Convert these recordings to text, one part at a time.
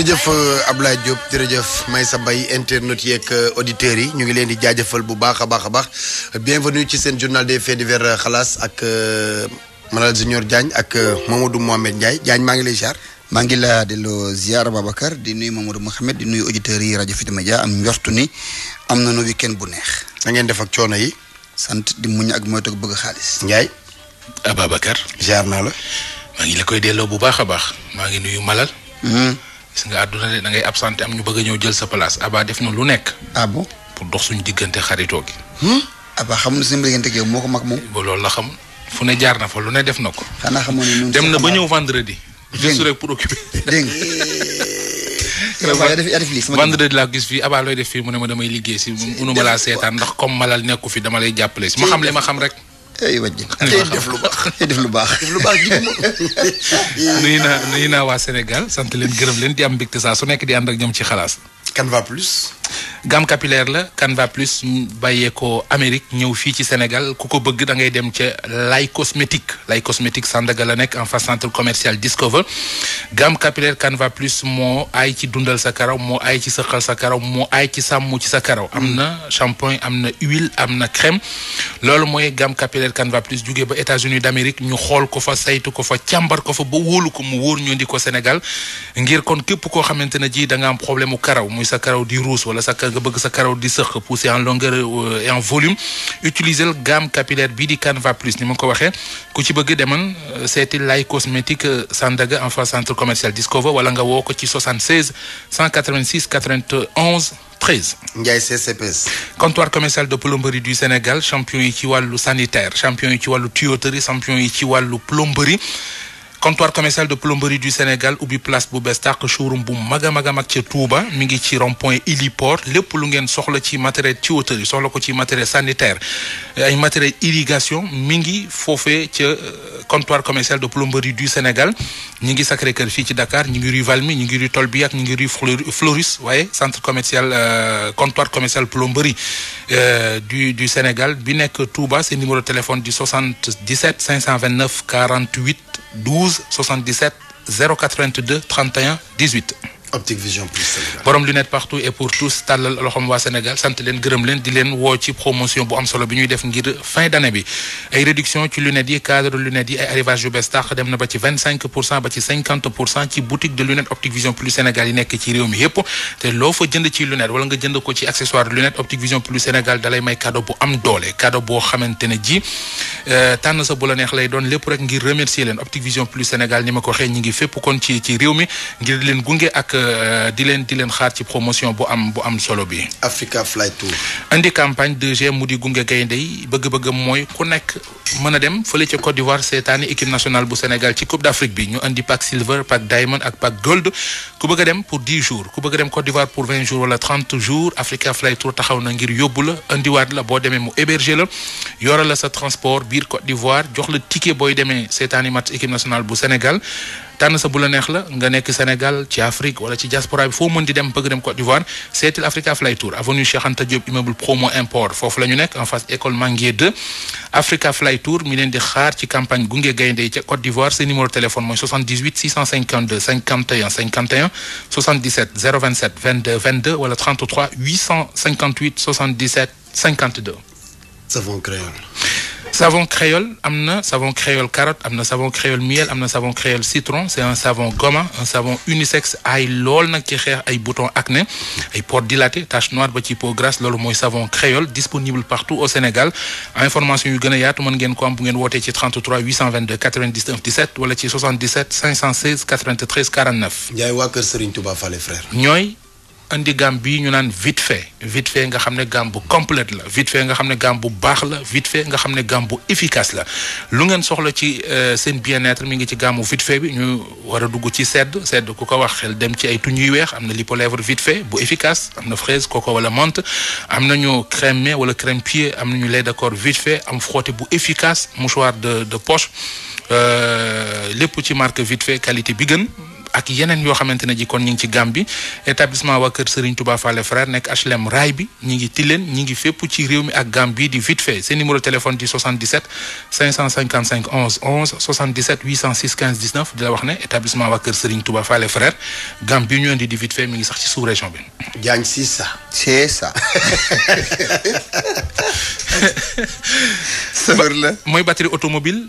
jërëjëf euh, Ablaye Diop jërëjëf Maysa Mbaye internautes yeeg euh, auditeurs yi ñu ngi leen di jaajëfal bu baax baax a baax bienvenue ci seen journal des faits divers euh, xalaas ak Malal Junior Diagne ak Mamadou Mohamed Ndiaye Diagne maa ngi lay ziar. maa ngi la delloo ziar Babacar di nuyu Mamadou Mohamed di nuyu auditeurs yi rajo Futurs Médias am njortu ni am nañu weekend bu neex. da ngeen def ak coono yi. sant di muñ ak moytu bëgg xaalis. Ndiaye. Ababacar. Ah, ziar naa la. maa ngi la delloo bu baax a baax maa ngi nuyu Malal. Hmm. gis nga àdduna de da ngay absenté am ñu bëgg a ñëw jël sa place Abba def na lu nekk. ah bon pour dox suñu diggante xaritoo gi. Hmm? Abba xam na suñu diggante moo ko mag moom. ba loolu la xam fu ne jaar na fa lu ne def na ko. xanaa xamoon ne dem na ba ñëw vendredi. juste rek pour occuper. dégg nga. vendredi laa gis fii Abba looy def fii mu ne ma damay liggéey si. mënuma laa seetaan ndax comme malal nekku fi dama lay jàppale si ma xam li ma xam rek. tey wàññi tey def lu baax def lu baax def lu baax ji nuyu naa nuyu waa Sénégal sant leen gërëm leen di am mbégte saa su nekk di am ak ñoom ci xalaas. Canva Plus. gamme capillaire la Canva Plus bàyyeekoo Amérique ñëw fii ci Sénégal ku ko bëgg da ngay dem ca Lay Cosmétique Lay Cosmétique Sandaga la nekk en face centre commercial Discover gamme capillaire Canva Plus moo ay ci dundal sa karaw moo ay ci sëqal sa karaw moo ay ci sàmm ci sa karaw. am na shampoing am na huile am na crème loolu mooy gamme capillaire Canva Plus jugee ba États-Unis d'Amérique ñu xool ko fa saytu ko fa càmbar ko fa ba wóolu ko mu wóor ñu ndi ko Sénégal ngir kon képp koo xamante ne ji danga am problème mu karaw muy sa karaw di ruus wala sa nga bëgg sa karaw di sëq poussé en longueur euh, et en volume utiliser gamme capillaire bii di Canva Plus ni ma ko waxee ku ci bëgg deman euh, seeti lay cosmétique euh, Sandaga en face centre commercial Discover wala nga woo ko ci 76 186 91 13. Ndiaye CCPS. comptoir commercial de plomberie du Sénégal champion yi ci wàllu sanitaire champion yi ci wàllu tuyauterie champion yi ci wàllu plomberie. comptoir commercial de plomberie du Sénégal ubbi place bu bees tàq showroom bu mag a mag ca Touba mi ngi ci rond point Ili lépp lu ngeen soxla ci matériel tuyauterie soxla ko ci matériel sanitaire ay matériel irrigation mi ngi foofee ca. comptoir commercial de plomberie du Sénégal ñi ngi Sacré-Cœur fii ci Dakar ñi ngi rue Valmy ñi ngi rue Tolbiac ñi ngi rue Floris waaye centre commercial euh, comptoir commercial plomberie euh, du du Sénégal bi nekk Touba seen numéro téléphone di 77 529 48 12 77 082 31 18 optique vision plus Sénégal. borom lunette partout et pour tous tàllal loxoom waa Sénégal sant leen gërëm leen di leen woo ci promotion bu am solo bi ñuy def ngir fin d'année bi ay réduction ci lunettes yi cadre lunettes yi ay arrivage yu bees tax dem na ba ci ba ci ci boutique de lunette optique vision plus Sénégal yi nekk ci réew mi yépp te loo fa jënd ci lunette wala nga jënd ko ci accessoire lunette optique vision plus Sénégal dalay may cadeau bu am doole cadeau boo xamante euh, la neex lay lépp rek ngi fépp kon ci ci Euh, di leen di leen xaar ci promotion bu am bu am solo bi. Africa Fly Tour. indi campagne 2G mu di gunge gaynde yi bëgg-bëggam mooy ku nekk mën a dem fële ca Côte d'Ivoire seetaani équipe nationale bu Sénégal ci Coupe d'Afrique bi ñu indi pack silver pack diamond ak pack gold ku bëgg dem pour 10 jours ku bëgg a dem Côte d'Ivoire pour 20 jours wala 30 jours Africa Fly Tour taxaw na ngir yóbbu la indiwaat la boo demee mu héberger la yoral la sa transport biir Côte d'Ivoire jox la ticket booy demee seetaani match équipe nationale bu Sénégal. tànn sa bu la neex la nga nekk Sénégal ci Afrique wala ci diaspora bi foo mën di dem bëgg dem Côte d'Ivoire seetil Africa Fly Tour avenue Cheikh Anta Diop promo import foofu la ñu nekk en face école Manguier 2 Africa Fly Tour mi leen di xaar ci campagne gunge gaynde yi ca Côte d'Ivoire seen numéro téléphone mooy 78 652 51 51 77 027 22 22 wala 33 858 77 52. savon créole. savon créole am na savon créole carotte am na savon créole miel am na savon créole citron c'est un savon gommant un savon unisexe ay lool nag ci xeex ay boutons acné ay pores dilatés tache noire ba ci peau grasse loolu mooy savon créole disponible partout au Sénégal information yu gën a yaatu mën ngeen ko am bu ngeen wootee ci 33 822 99 17 wala ci 77 516 93 49. Ndiaye waa kër Serigne Touba Fallé frère. ñooy. indi gamme bii ñu naan vite fait vite fait nga xam ne gamme bu complète la vite fait nga xam ne gamme bu baax la vite nga xam ne gamme bu efficace la lu ngeen soxla ci euh, seen bien-être mi ngi ci gamme vite fait bi ñu war a dugg ci sedd sedd ku ko wax xel dem ci ay tuñ yu weex am na lipolèvre vite fait bu efficace am na fraise coco wala menthe am nañu crème main wala crème pied am nañu lait de corps vite fait am frotté bu efficace mouchoir de de poche euh, lépp ci marque vite fait qualité bi gën. ak yeneen yoo xamante ne ji kon ñu ngi ci Gambie établissement waa kër Serigne Touba Fallé Frère nekk HLM Raay bi ñi ngi Tilène ñi ngi fépp ci réew mi ak Gambie di vite fait seen numéro téléphone di 77 555 11 11 77 806 15 19 di la wax ne établissement waa kër Serigne Touba Fallé Frère ñu indi di vite fait mi ngi sax ci sous région bi. Diagne c'est ça. c'est la mooy batterie automobile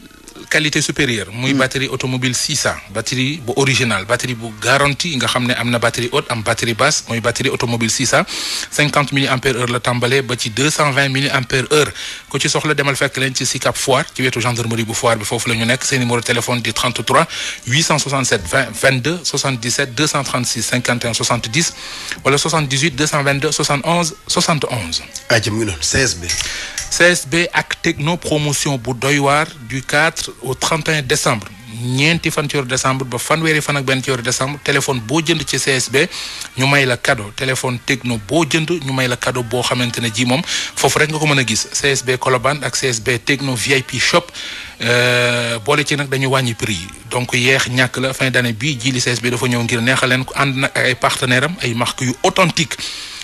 qualité supérieure. muy mm. batterie automobile 600 batterie bu original batterie bu garantie nga xam ne am na batterie haute am batterie basse mooy batterie automobile 600 50 milliampère heure la tàmbalee ba ci 220 milliampère heure ku ci soxla demal fekk leen ci Sicap Foire ci wetu gendarmerie bu Foire bi foofu la nekk seen numéro téléphone di 33 867 20 22 77 236 51 70 wala 78 222 71 71. CSB ak techno promotion bu doywaar du quatre au 31 décembre ñeenti fan ci weeru décembre ba fanweeri fan ak benn ci weeru décembre téléphone boo jënd ci CSB ñu may la cadeau téléphone techno boo jënd ñu may la cadeau boo xamante ne ji moom foofu rek nga ko mën a gis CSB Colobane ak CSB techno VIP shop euh, boole ci nag dañu wàññi prix yi donc yeex ñàkk la fin d'année bii ji li CSB dafa ñëw ngir neexal leen ko ànd nag ay partenaire am ay marques yu authentique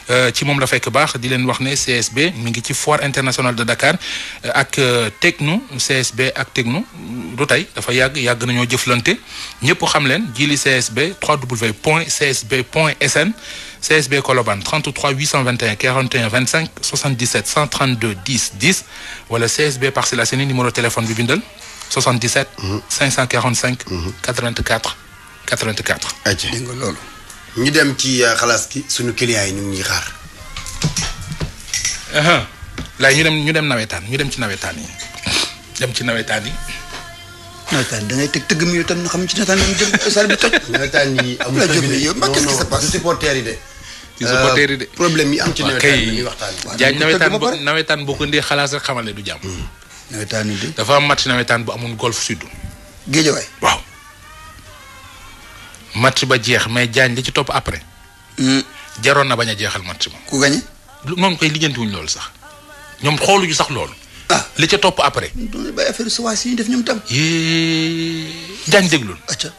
Euh, ci moom la fekk baax di leen wax ne CSB mi ngi ci foire international de Dakar euh, ak euh, Tecnu CSB ak Tecnu du tey dafa yàgg yàgg nañoo jëflante ñëpp xam leen jili CSB www.csb.sn CSB Colobane 33 821 41 25 77 132 10 10 wala CSB Parcelles Assainies numéro téléphone bi bindal 77. 545. 84 84. ayca dégg nga loolu. ñu dem ci euh, xalaas ki suñu clients yi ñu ngi xaar. laay ñu dem ñu dem nawetaan ñu dem ci nawetaan yi dem ci nawetaan yi. nawetaan da ngay teg tëgg mi yow tam ñu xam ci nawetaan yi jëm salle bi yi du supporter yi de. ci euh, am ci nawetaan yi ñuy waxtaan. waaw jaaj nawetaan boo nawetaan boo ko ndee xalaas rek xamal du jàmm. Hmm. nawetaan yi de. dafa am match nawetaan bu amoon golf sud. géejawaay waaw. match ba jeex mais jaañ li ci topp après. Hmm. jaroon na bañ a jeexal match moom. ku gañe. noonu koy lijjantiwuñ loolu sax ñoom xooluñu sax lool ah li ca topp après. doon si def ñoom tam. jaañ déglul. acca.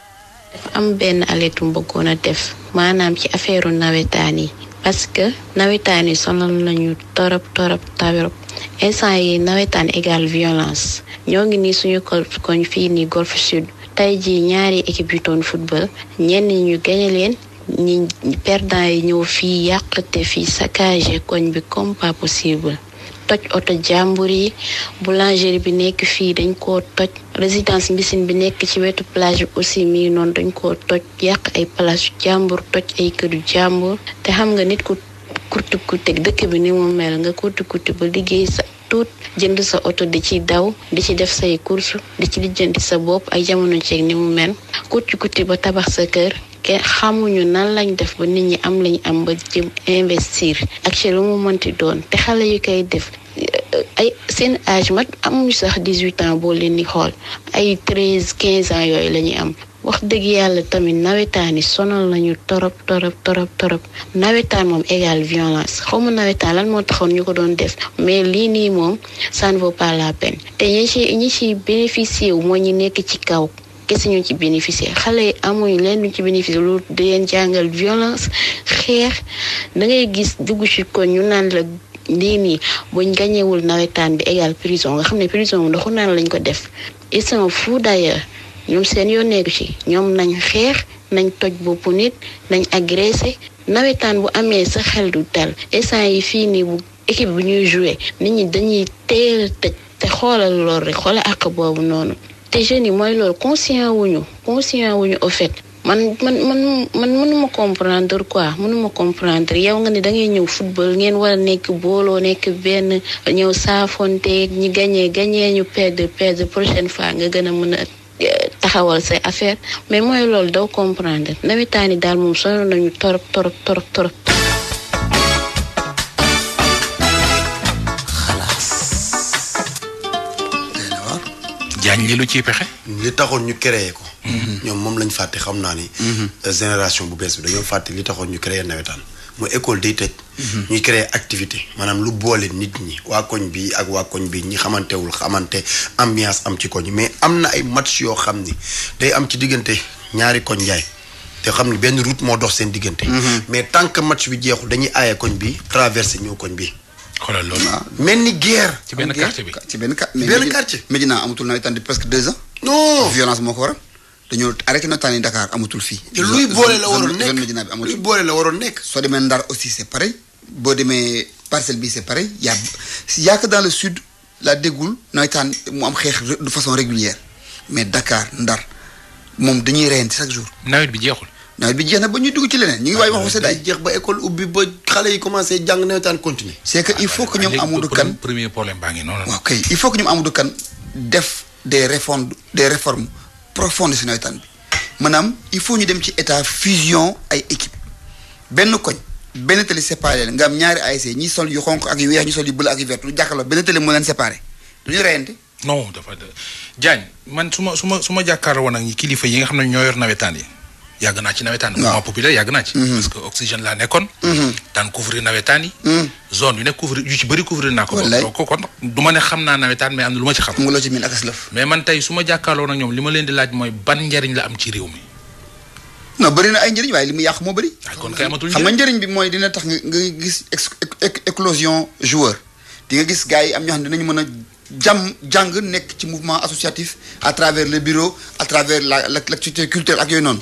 dafa am benn aletu bëggoon a def maanaam ci affaire nawetaan yi parce que nawetaan yi sonal nañu torop torop torop instant yi nawetaan égal violence ñoo ngi nii suñu koñ fii nii golfe sud. tey jii ñaari équipe yu doon football ñenn ñu gañe leen ñi perdant yi ñëw fii yàq te fii saccagé koñ bi comme pas possible toj oto jàmbur yi boulangerie bi nekk fii dañ ko toj résidence mbisin bi nekk ci wetu plage bi aussi mi noonu dañ koo toj yàq ay place yu jàmbur toj ay këru jàmbur te xam nga nit ku kurti kurti dëkk bi ni mu mel nga kurti kurti ba liggéey sa tuut jënd sa oto di ci daw di ci def say course di ci lijjanti sa bopp ay jamono ceeg ni mu mel kutti kutti ba tabax sa kër kenn xamuñu nan lañ def ba nit ñi am lañ am ba jëm investir ak ci lu mu mënti doon te xale yu koy def ay seen âge mat amuñu sax dix-huit ans boo leen di xool ay treize quinze ans yooyu la ñuy am wax dëgg yàlla tamit nawetaan yi sonal nañu torop torop torop torop nawetaan moom égal violence xaw ma nawetaan lan moo taxoon ñu ko doon def mais lii nii moom san ne vaut te ñi ci ñi ci bénéficier wu moo ñu nekk ci kaw kese ñu ci bénéficier xale yi amuñ leen duñ ci bénéficier lu di leen jàngal violence xeex dangay gis dugg ci ko ñu naan la lii nii buñ gañewul nawetaan bi égal prison nga xam ne prison moom ndoxu naan lañ ko def ils sont fous ñoom seen yoon nekku ci ñoom nañ xeex nañ toj boppu nit nañ agressé nawetaan bu amee sa xel du dal instant yi fii nii bu équipe bu ñuy joué nit ñi dañuy teel a te xoolal lool rek xoolal ak boobu noonu te jeunes yi mooy lool conscient wuñu conscient wuñu au fait man man man man mënuma comprendre quoi mënuma comprendre yow nga ne da ngay ñëw football ngeen war a nekk booloo nekk benn ñëw saafonte ñi gañee gañee ñu per perdre perdre prochaine fois nga gën a mën a taxawal say affaire mais mooy loolu daw comprendre nawetaan yi daal moom sonal nañu torop torop torop torop jaañ li lu ciy pexe. li taxoon ñu créé ko. Mhm. ñoom moom lañ fàtte xam naa ni. Mhm. Euh, génération bu bees bi dañoo fàtte li taxoon ñu créé nawetaan. mu école day tëj. Mhm. ñu créer activité maanaam lu boole nit ñi waa koñ bi ak waa koñ bi ñi xamantewul xamante ambiance am ci koñ mais am na ay match yoo xam ni day am ci diggante ñaari koñ yaay te xam ni benn route moo dox seen diggante. Mhm. mais tant que match bi jeexul dañuy aaye koñ bi traversé ñëw koñ bi. xoolal loolu ah, mel ni guerre. ci benn quartier bi ci benn quartier. Medina amatul nawetaan di presque deux ans. non violence moo ko waral. dañoo arrêté na tànn Dakar amatul fii. te luy boole la waroon nekk la waroon nekk. soo demee Ndar aussi c' est pareil boo demee parcelle bi c' est pareil y' a y' a que dans le sud laa déggul nawetaan mu am xeex de façon régulière mais Dakar Ndar moom dañuy reyante chaque jour. nawet bi jeexul. nawet bi jeex na ba ñuy dugg ci leneen ñu ngi waaye waxu seddaay jeex ba école ubbi ba xale yi commencé jàng nawetaan continuer c' est que il faut que ñoom ah, Amadou Kane premier problème baa ngi noonu. waaw kay def de réformes des réformes. profonde si nawetaan bi maanaam il faut ñu dem ci état fusion ay équipe benn koñ benn télé séparé leen nga am ñaari ASC ñi sol yu xonq ak yu weex ñi sol yu bleu ak yu vert lu jàkkaarloo benn télé moo leen séparé du ñu reyante. non dafa Diagne man su ma su ma su ma jàkkaarloo woon ak ñi kilifa yi nga xam ne ñoo yor nawetaan yi. yàgg naa ci nawetaan. waaw mouvement populaire yàgg naa ci. Mhm. parce que oxygène laa nekkoon. Mhm. daan couvrir nawetaan yi. Mhm. zone yu nekk couvrir yu ci bëri couvrir naa ko. wallaay donc naa nawetaan mais am na ma ci xam. mu loo ci miin ak aslaf. mais man tey su ma jàkkaarloo ñoom li ma leen di laaj mooy ban njariñ la am ci réew mi. non bëri na ay njëriñ waaye li mu yàq moo bëri. Ah, kon kay amatul njëriñ xam nga njëriñ bi mooy dina tax nga gis éclosion joueur di nga gis gars yi am ñoo xam ne ñu mën a jàmm jàng nekk ci mouvement associatif à travers le bureau à travers la l'activité culturelle ak yooyu noonu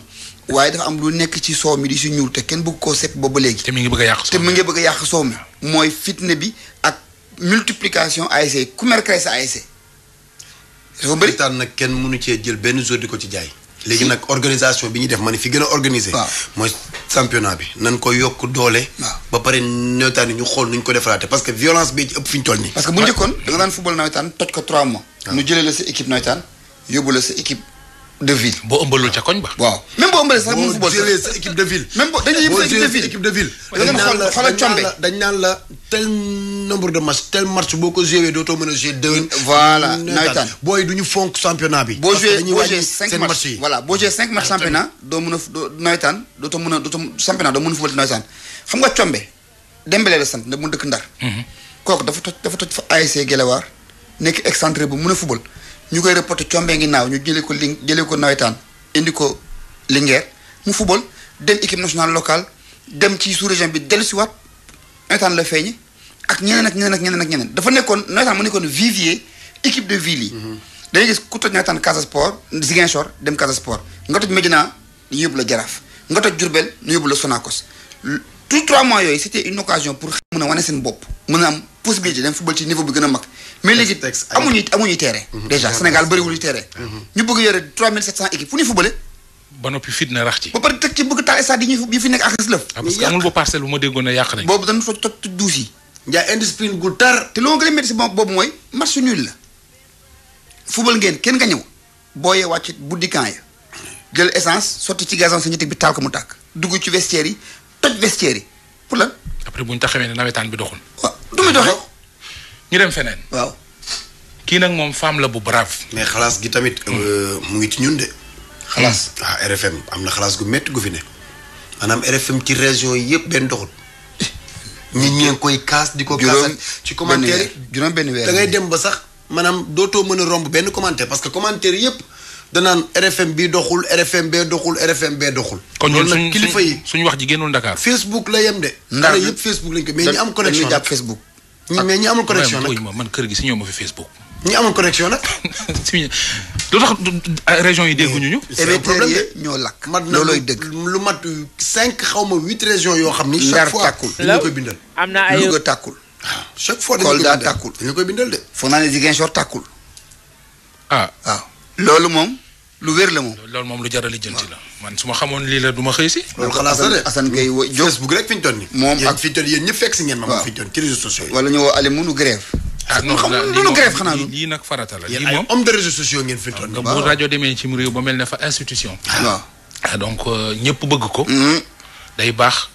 waaye dafa am lu nekk ci soow mi di si ñuul te kenn bëgg koo set ba ba léegi. te mi ngi bëgg a soow mi mooy fitna bi ak multiplication ASC ku mer créé sa ASC. dafa bëri daan nag kenn mënu jël benn jour di ko ci jaay. léegi nag organisation bi ñuy def ma fi gën a organiser. mooy championnat bi nan ko yokk doole. ba pare nawetaan ñu xool nu ñu ko defaraate parce que violence bi ci ëpp fi ñu toll nii. parce que bu njëkkoon da daan football nawetaan toj ko 3 mois. nu jëlee la sa équipe nawetaan yóbbu la sa équipe. de ville. boo ëmbalul ca koñ ba. waaw même boo ëmbalee sax mu football boo jëlee sa équipe de la tel nombre de match tel match boo ko doo dootoo mën a joué déwén. voilà nawetaan booy du ñu fonk championnat bi. boo joué boo joué cinq match boo joué cinq match championnat doo mën a doo nawetaan dootoo mën a dootoo championnat doo mën a football nawetaan xam nga combe Dembélé la sant ne mu dëkk Ndar. Mhm. kooku dafa toj dafa toj fa ASC Gelewaar nekk excentré bu mën a football ñu koy reporté combee ngi naaw ñu jëlee ko li jëlee ko nawetaan indi ko Linguère mu football dem équipe nationale locale dem ci sous-région bi dellu siwaat nawetaan la feeñe ak ñeneen ak ñeneen ak ñeneen ñeneen dafa nekkoon nawetaan mu nekkoon vivier équipe de ville yi mhm. dañuy gis ku toj nawetaan Casa Sport dem Casa Sport nga toj Médina ñu yóbbu la Jaraaf nga toj Diourbel ñu yóbbu la Sonacos tous trois mois yooyu c'était une occasion pour mën a wane seen bopp mën a am possibilité dem football ci niveau bi gën a mag mais léegi amuñu amuñuy terrain. Mhm. déjà Sénégal bëriwul ñu terrain. Mhm. ñu bëgg yore 3700 équipes fu ñuy fubale. ba noppi fitna rax ci. ba pare ah, bu ma déggoon ne yàq nañ. boobu dañu toj duus yi. njaay gu tar. te loo gën a métti si boobu mooy match nul la. fubal ngeen kenn nga ñëw. booyee wàcc buddi camp ya jël essence sotti ci gazon synthétique bi taal ko mu tàkk. dugg ci vestiaire yi toj vestiaire yi pour lan. après bu ñu taxawee ne nawetaan bi doxul. du muy ñu dem feneen. waaw. kii nag moom femme la bu brave. mais xalaas gi tamit. Hmm. Euh, mu ngi ci ñun de. xalaas hmm. ah RFM am na xalaas gu metti gu fi ne. maanaam RFM ci région yëpp benn doxut. nit ñi ngi koy kaas di ko. kaasal ci commentaire yi juróom benn weer da dem ba sax maanaam dootoo mën a romb benn commentaire parce que commentaire yëpp danaan RFM bi doxul RFM bee doxul RFM bee doxul. kon ñun suñ kilifa yi suñ wax ji génnul Dakar. Facebook la yem de. ndar yëpp Facebook lañ ko mais ñu am connexion Facebook. ñi mais ñi amul connexion nag ma man kër gi si ñoom ma fi Facebook. ñi amul connexion nag. lu tax régions yi dégguñu ñu. c'est un problème de ñoo lakk. dëgg lu mat cinq xaw ma huit régions yoo xam ni. chaque fois tàkkul dañu bindal. am na ay tàkkul. Ah, chaque fois dañu koy bindal Kolda tàkkul bindal de. foog naa ne Ziguinchor tàkkul. ah waaw. Ah. loolu moom lu wér la moom. loolu moom lu jar a lijjanti la. man su ma xamoon lii la du xëy si. loolu xalaas la de Assane Gueye wo Diop Facebook rek fi ñu toll nii. moom ak fi ñu ñëpp fekk si ngeen ma. waaw fi ah, xanaa du lii nag farata la. lii moom yéen ay homme de réseaux sociaux ngeen fi ñu toll. waaw demee ci réew ba mel ne fa institution. Ah, donc euh, ñëpp bëgg ko. Mm-hmm. day baax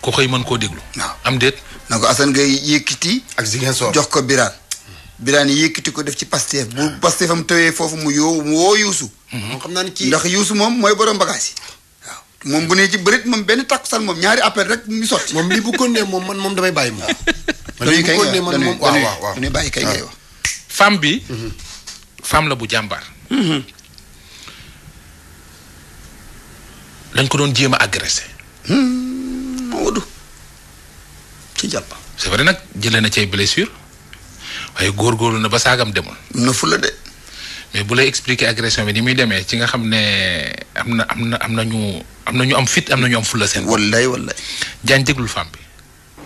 ku xëy mën koo déglu. waaw am déet. na ko Assane Gueye yëkkati. ak Ziguinchor jox ko biraat biraan yëkkati ko def ci Pastef bu Pastefam tawee foofu mu yoo mu woo yuusu mhm. xam naa ne ci ndax yuusu moom mooy borom bagage yi moom bu ne ci bërit moom benn takkusaan moom ñaari appel rek mu sotti. moom lii bu ko nee moom man moom damay bàyyi moom. lii kay nga man moom waaw waaw waaw bàyyi kay ngay wax. femme bi. Mhm. femme la bu jàmbaar. dañ mhm. ko doon jéem a agressé. Hmm, Maodo ci jàpp. c'est vrai nag jëlee na ci ay blessures. waaye góorgóorlu na ba saagam demul. na fu la de. mais bu lay expliquer agression bi ni muy demee ci nga xam ne am na am na am na ñu am na am fit am na ñu am fula seen. wallaay wallaay. Diagne déglul femme bi.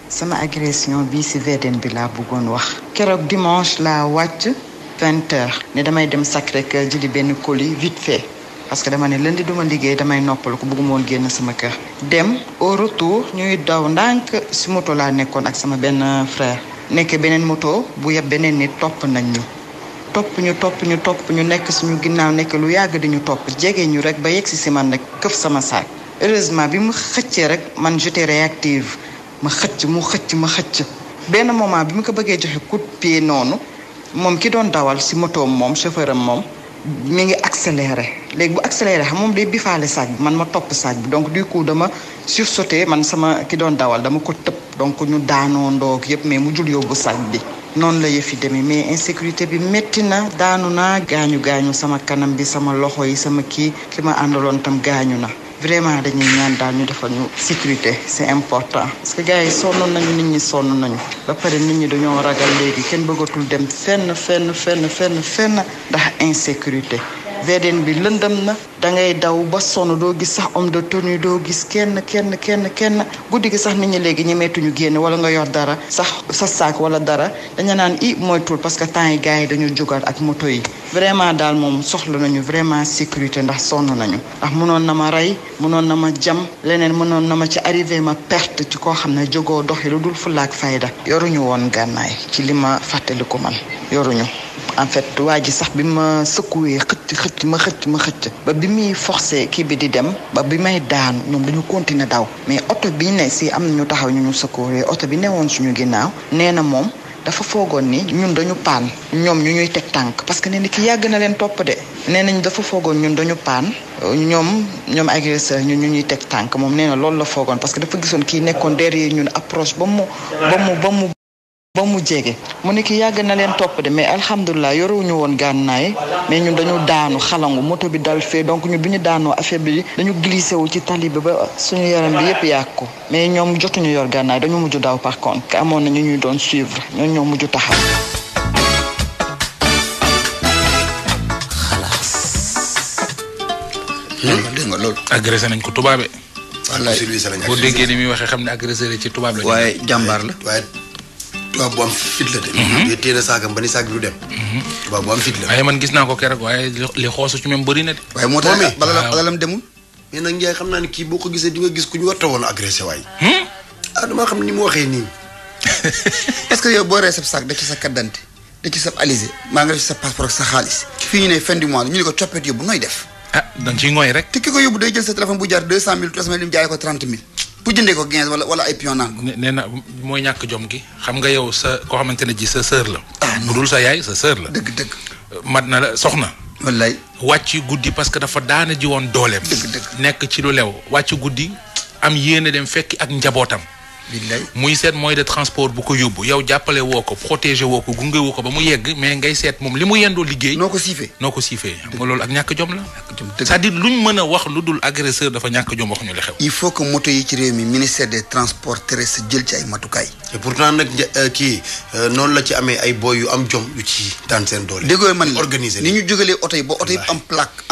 sama agression bi ci VDN bi laa bëggoon wax. keroog dimanche laa wàcc. vingt heures. ne damay dem Sacré-Cœur jëli benn colis vite fait. parce que dama ne di duma liggéey damay noppal ko bëgguma woon génn sama kër. dem au retour ñuy daw ndànk ci moto laa nekkoon ak sama benn frère. nekk beneen moto bu yeb beneen nit topp nañ ñu topp ñu topp ñu topp ñu nekk suñu ginnaaw nekk lu yàgg di ñu topp jege ñu rek ba yegg si si man rek këf sama saak heureusement bi mu xëccee rek man j'étais réactive ma xëcc mu xëcc ma xëcc benn moment bi mu ko bëggee joxe coup de noonu moom ki doon dawal si motoom moom chauffeur moom mi ngi accéléré léegi bu accéléré xam moom day bifaale saag bi man ma topp saag bi donc di coup dama sursauté man sama ki doon dawal dama ko tëb donc ñu daanoo ndoog yëpp mais mu jul yóbbu saag bi noonu la yëf yi demee mais insécurité bi métti na daanu naa gaañu gaañu sama kanam bi sama loxo yi sama kii ki ma àndaloon tam gaañu na vraiment dañuy ñaan daal ñu defal ñu sécurité c'est important parce que gars yi sonn nañu nit ñi sonn nañu ba pare nit ñi dañoo ragal léegi kenn bëggatul dem fenn fenn fenn fenn fenn ndax insécurité VDN bi lëndëm na da ngay daw ba sonn doo gis sax om de tenue doo gis kenn kenn kenn kenn guddi gi sax nit ñi léegi ñemeetuñu génn wala nga yor dara sax sa saak wala dara dañu naan i moytul parce que temps yi gars yi dañu jogal ak moto yi vraiment daal moom soxla nañu vraiment sécurité ndax sonn nañu ndax mënoon na ma rey mënoon na ma jam leneen mënoon na ma ci arrivé ma perte ci koo xam ne jógoo doxi lu dul fulaak fayda yoruñu woon gànnaay ci li ma fàttaliku man yoruñu en fait waa ji sax bi ma sëkkuwee xëcc xëcc ma xëcc ma xëcc ba bi muy forcé kii bi di dem ba bi may daan ñoom dañu continuer daw mais oto bi ne si am na ñu taxaw ñu ñu sëkkuwee oto bi woon suñu ginnaaw nee na moom dafa foogoon ni ñun dañu paan ñoom ñu ñuy teg tànk parce que nee na ki yàgg na leen topp de nañ dafa foogoon ñun dañu paan ñoom ñoom agresseur ñun ñu ñuy teg tànk moom nee na loolu la foogoon parce que dafa gisoon kii nekkoon derrière ñun approche ba ba mu ba mu ba mu jege mu ne ki yàgg na leen topp de mais alhamdulilah ñu woon gànnaay mais ñun dañu daanu xalangu moto bi dal fee donc ñu bi ñu daanoo affaire bi dañu glissé wu ci tali bi ba suñu yaram bi yëpp yàgg ko mais ñoom jotuñu yor gànnaay dañu mujj daw par contre amoon na ñu ñuy doon suivre ñoom ñoo mujj taxaw. xalaas. dégg nga loolu. agressé nañ ko tubaabe. wallaay boo déggee ni muy waxee xam ne agressé ci tubaab la. waaye jàmbaar la tubaab bu am fit la de. day mhm. téye na saagam ba ni saag bi du dem. Mhm. tubaab bu am fit la. waaye man gis naa ko keroog waaye li xoosu ci même bëri na de. waaye moo tax bala demul. mais nag Ndiaye xam naa ne kii boo ko gisee di nga gis ku ñu war a woon agressé waay. Hmm? ah damaa xam ni mu waxee nii. est boo reesab sa carte d'identité ci sa alizé maa ngi def passeport sa xaalis. fii ñu ne fin du ñu ne ko coppet yóbbu nooy def. ah dañ ciy ngooy rek. te ki ko yóbbu day jël sa téléphone pour jëndee ko 15 wala wala ay pion naan ko. nee na mooy ñàkk jom gi xam nga yow sa koo xamante ne ji sa sœur la. ah bu dul sa yaay sa sœur la. dëgg dëgg. mat na la soxna. wallaay wàcc guddi parce que dafa daana ji woon dooleem. dëgg dëgg nekk ci lu lew wàcc guddi am yéene dem fekki ak njabootam. muy seet mooy de transport bu ko yóbbu yow jàppale woo ko protéger woo ko gunge ko ba mu yegg mais ngay seet moom li mu yendoo liggéey. noo ko siifee noo ko siifee. xam nga loolu ak ñàkk jom la. c'est-à-dire mën a wax lu dul agresseur dafa ñàkk jom wax ñu li xew. il faut que moto yi ci réew mi ministère des transports terrestres jël ci ay matukaay. et pourtant nag euh, kii euh, noonu la ci amee ay boy yu am jom yu ci daan seen doole. déggoo man la organiser ni ñu jógalee oto yi ba oto yi am plaque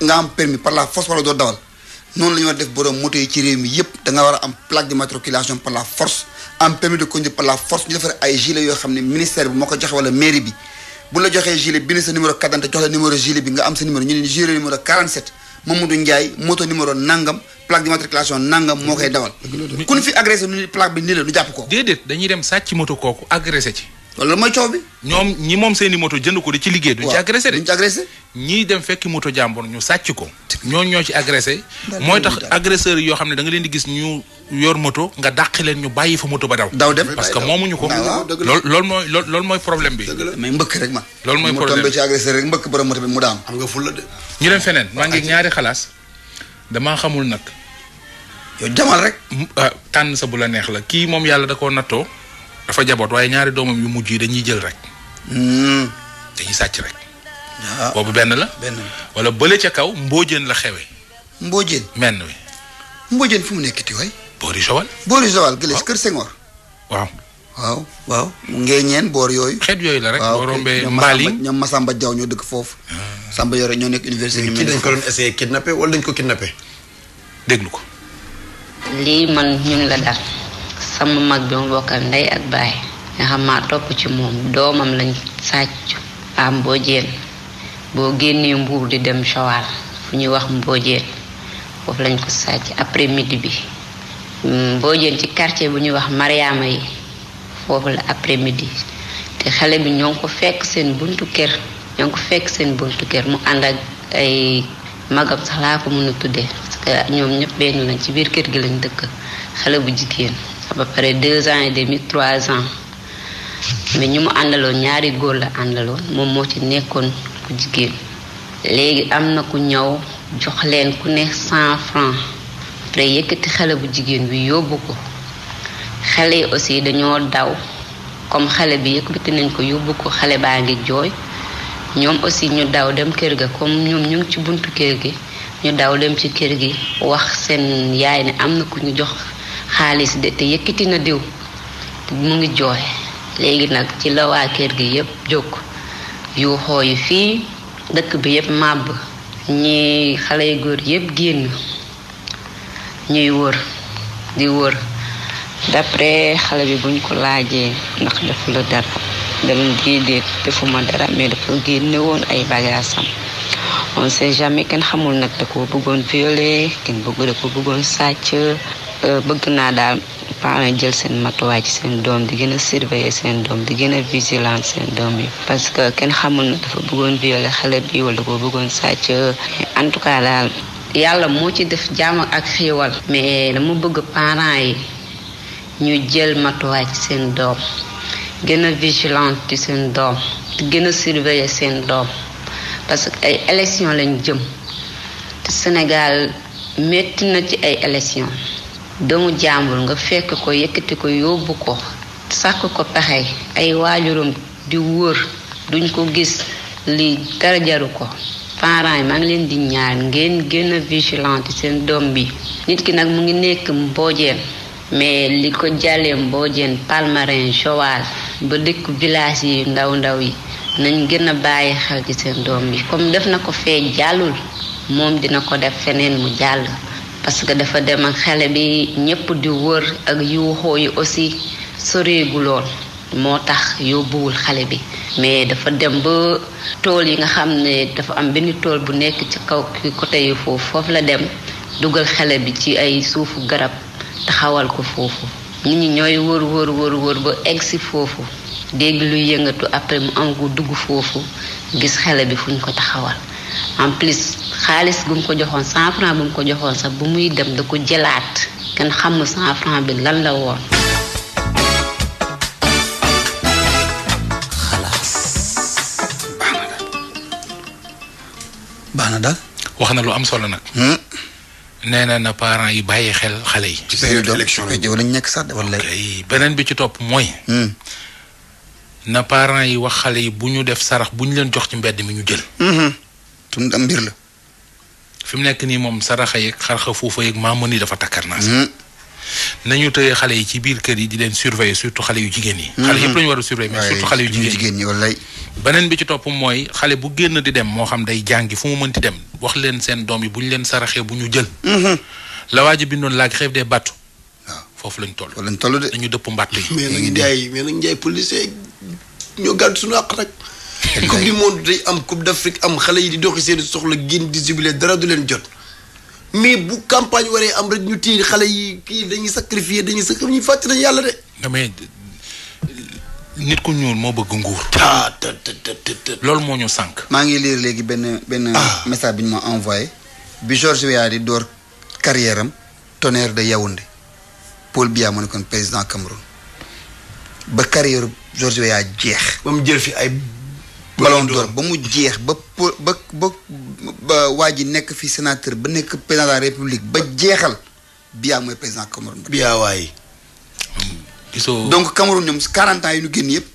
nga am permis par la force wala doo dawal noonu la ñu war def borom moto yi ci réew mi yëpp da nga war a am plaque d'immatriculation par la force am permis de conduire par la force ñu defar ay gilet yoo xam ne ministère bi moo ko joxe wala mairie bi bu la joxee gilet bind sa numéro carte jox la numéro gilet bi nga am sa numéro ñu ne gilet numéro 47 Mamadou Ndiaye moto numéro nangam plaque d'immatriculation nangam moo koy dawal. ku ñu fi agressé nu plaque bi nii la ko. déedéet loolu mooy coow bi. ñoom ñi moom seeni moto jënd ko di ci liggéey. duñ ci agressé de duñ ci agressé. dem fekki moto jàmbur ñu sàcc ko. ñooñu ñoo ci agressé. mooy tax agresseurs yi yoo xam ne da nga leen di gis ñu yor moto nga dàq leen ñu bàyyi fa moto ba daw. daw dem parce que moomuñu ko. lool lool mooy lool mooy problème bi. mais mbëkk rek ma. loolu mooy problème bi mu tombé ci agresseur rek mbëkk borom moto bi mu daam. ñu dem feneen maa ngi ñaari xalaas damaa xamul nag. yow rek. Ah, tànn sa bu la neex la kii moom yàlla da koo nattoo dafa jaboot waaye ñaari doomam yu mujj yi dañuy jël rek. Hmm. dañuy sàcc rek. Ah. boobu benn la. benn la wala bële ca kaw mbóojeen la xewe mbóojeen menn wi. mbóojeen fu mu nekk waay. boori Joal. boori Joal kër Senghor. waaw. waaw waaw ngeeñeen boor yooyu. xeet yooyu la rek. boo rombee mbaal yi ñoom Masamba Diaw ñoo dëkk foofu. Ah. Samba Yoro ñoo nekk université. ñu dañ ko doon essayé kidnappé wala dañ ko kidnappé. déglu ko. lii man ñun la daal. sama mag bi ma bokkal ndey ak baay nga xam topp ci moom doomam lañ sàccu am mboojeen boo génnee mbuur di dem Joal fu ñuy wax mboojeen foofu lañ ko sàcc après midi bi mboojeen ci kartie bu ñuy wax Mariama yi foofu la après midi te xale bi ñoo ko fekk seen buntu kër mu ànd ak ay magam sax laa ko mën a tuddee parce ñoom ñëpp benn lañ ci biir kër gi lañ dëkk xale bu jigéen à peu près deux ans et demi ñu mu àndaloon ñaari góor la àndaloon moom moo ci nekkoon ku jigéen léegi am na ku ñëw jox leen ku ne cent francs après yëkkati xale bu jigéen bi yóbbu ko xale yi aussi dañoo daw comme xale bi yëkkati nañ ko yóbbu ko xale baa ngi jooy ñoom aussi ñu daw dem kër ga comme ñoom ñu ci buntu kër gi ñu daw dem ci kër gi wax seen yaay ni am na ku ñu jox xaalis de te yëkkati na diw mu ngi jooy léegi nag ci la waa gi yépp jóg yuuxoo yi fii dëkk bi yépp màbb ñi xale yu góor yépp génn ñuy wër di wër d'après xale bi buñ ko laajee ndax defu la dara dem déedéet defuma dara mais dafa génne woon ay bagaasam on sait jamais kenn xamul nag da ko bëggoon kenn bëgg da ko sàcc Euh, bëgg naa daal parents jël seen matuwaay ci seen doom di gën a surveiller seen doom di gën a vigilant seen doom yi parce que kenn xamul na bëggoon violer xale bi wala ko bëggoon sàcc en tout cas daal yàlla moo ci def jàmm ak xiiwal mais dama bëgg parents yi ñu jël matuwaay ci seen doom gën a vigilant ci seen doom di gën a surveiller seen doom parce que ay élection lañ jëm te Sénégal métti na ci ay élection doomu jàmbur nga fekk ko yëkkati ko yóbbu ko sàkk ko pexey ay waajuram di wër duñ ko gis li dara jaru ko parents yi maa ngi leen di ñaar ngeen gën a vigilant seen doom bi nit ki nag mu ngi nekk mboojeen mais li ko jàllee mboojeen palmarin joal ba dëkk village yi ndaw ndaw yi nañ gën a bàyyi xel ci seen doom bi comme def na ko fee jàllul moom dina ko def feneen mu jàll parce que dafa dem ak xale bi ñépp di wër ak yuuxoo yi aussi soreegu moo tax yóbbuwul xale bi mais dafa dem ba tool yi nga xam ne dafa am benn tool bu nekk ci kaw côté yi foofu foofu la dem dugal xele bi ci ay suufu garab taxawal ko foofu nit ñi ñooy wër wër wër wër ba egg si foofu dégg lu yëngatu après mu am gu dugg foofu gis xele bi fu ñu ko taxawal en plus xaalis bu mu ko joxoon cent franc bu mu ko joxoon sax bu muy dem da ko jëlaat kenn xamul cent franc bi lan la woon. xalaas. baax na daal. wax na lu am solo nag. Hmm. nee na parent yi bàyyi xel xale yi. ci période élection yi jëw nañ nekk sax beneen bi ci topp mooy. Hmm. na parent yi wax xale yi bu ñu def sarax bu ñu leen jox ci mbedd mi ñu jël. Hmm, tun am mbir la. fi mu nekk nii moom saraxa yeeg xarxa foofa yeeg maamoon yi dafa takkar naa sax nañu tëye xale yi ci biir kër yi di leen surveiller surtout xale yu jigéen yi mm-hmm. xale yëpp la ñu war a surveiller mais surtout xale yu jigéen ñi wallay beneen bi ci topp mooy xale bu génn di dem moo xam day jàngi fu mu mënti dem wax leen seen doom yi bu ñu leen saraxee bu ñu jël mm-hmm. la waa ji bindoon laaj xeef dee battu waaw foofu lañ toll lañ toll de dañu dëpp mbàtt yi mais nañu jaay mais nañu jaay policier ñoo gàddu suñu àq coupe du monde day am coupe d'Afrique am xale yi di doxi seen soxla génn di jubilé dara du leen jot mais bu campagne waree am rek ñu tiir xale yi kii dañuy sacrifier dañuy sacrifier ñu fàtte nañ yàlla de. nit ku ñuul moo bëgg nguur. ah loolu moo ñu sànq. maa ngi lire léegi benn benn. Ah. message bi ñu ma envoyé. bi Georges Weah di door carrière am Tonnerre de Yaoundé Paul Biya moo kon président Cameroun ba carrière Georges Weah jeex. ba mu jël fi ay. ballon d'or ba mu jeex ba po ba ba waa ji nekk fi sénateur ba nekk président de république ba jeexal bii am mooy président Cameroun. biyaa waay. gisoo donc Cameroun ñoom 40 ans yi ñu génn yëpp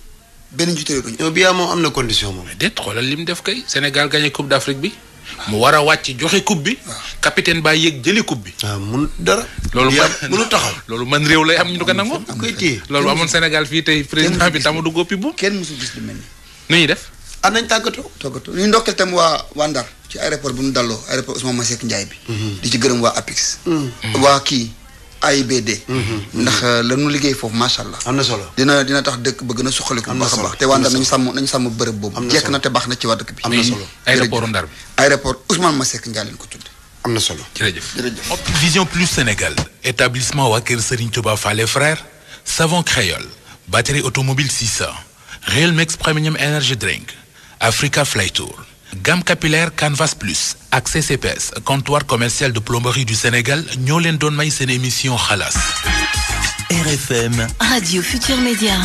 benn njiité yooyu. yow biyaa am na condition moom. déet xoolal li mu def kay Sénégal gagné coupe d'Afrique bi. mu war a wàcc joxe coupe bi. Ah. capitaine baa yéeg jëli coupe bi. waaw ah, dara. loolu man munu taxaw. loolu man réew lay am ñu ko nangoo. am koy téye loolu amoon Sénégal fii tey président bi tamu du góppi bu. kenn mësul gis lu mel ni. nu ñuy def. am ah, nañ tàggatoo tàggatoo ñu ndokkeel tam waa waa Ndar ci aéroport bu ñu dalloo aéroport Ousmane Masseck Ndiaye bi mhm. di ci gërëm waa APIX mhm. waa kii AIBD mhm. ndax euh, la ñu liggéey foofu macha allah na solo dina dina tax dëkk bëgg na a suqaliku bu baax a te waa Ndar nañu sàmm bërëb boobu jekk na te baax na ci waa dëkk bi am na solo aéroport Ndar bi aéroport Ousmane Masseck Ndiaye leen ko tudde am na solo jërëjëf jërëjëf Vision Plus Sénégal établissement waa kër Serigne Touba Fallé frère Africa Fly Tour gamme capillaire Canvas Plus ak CCPS comptoir commercial de plomberie du Sénégal ñoo leen doon may seen émission xalaas RFM Radio Futur Média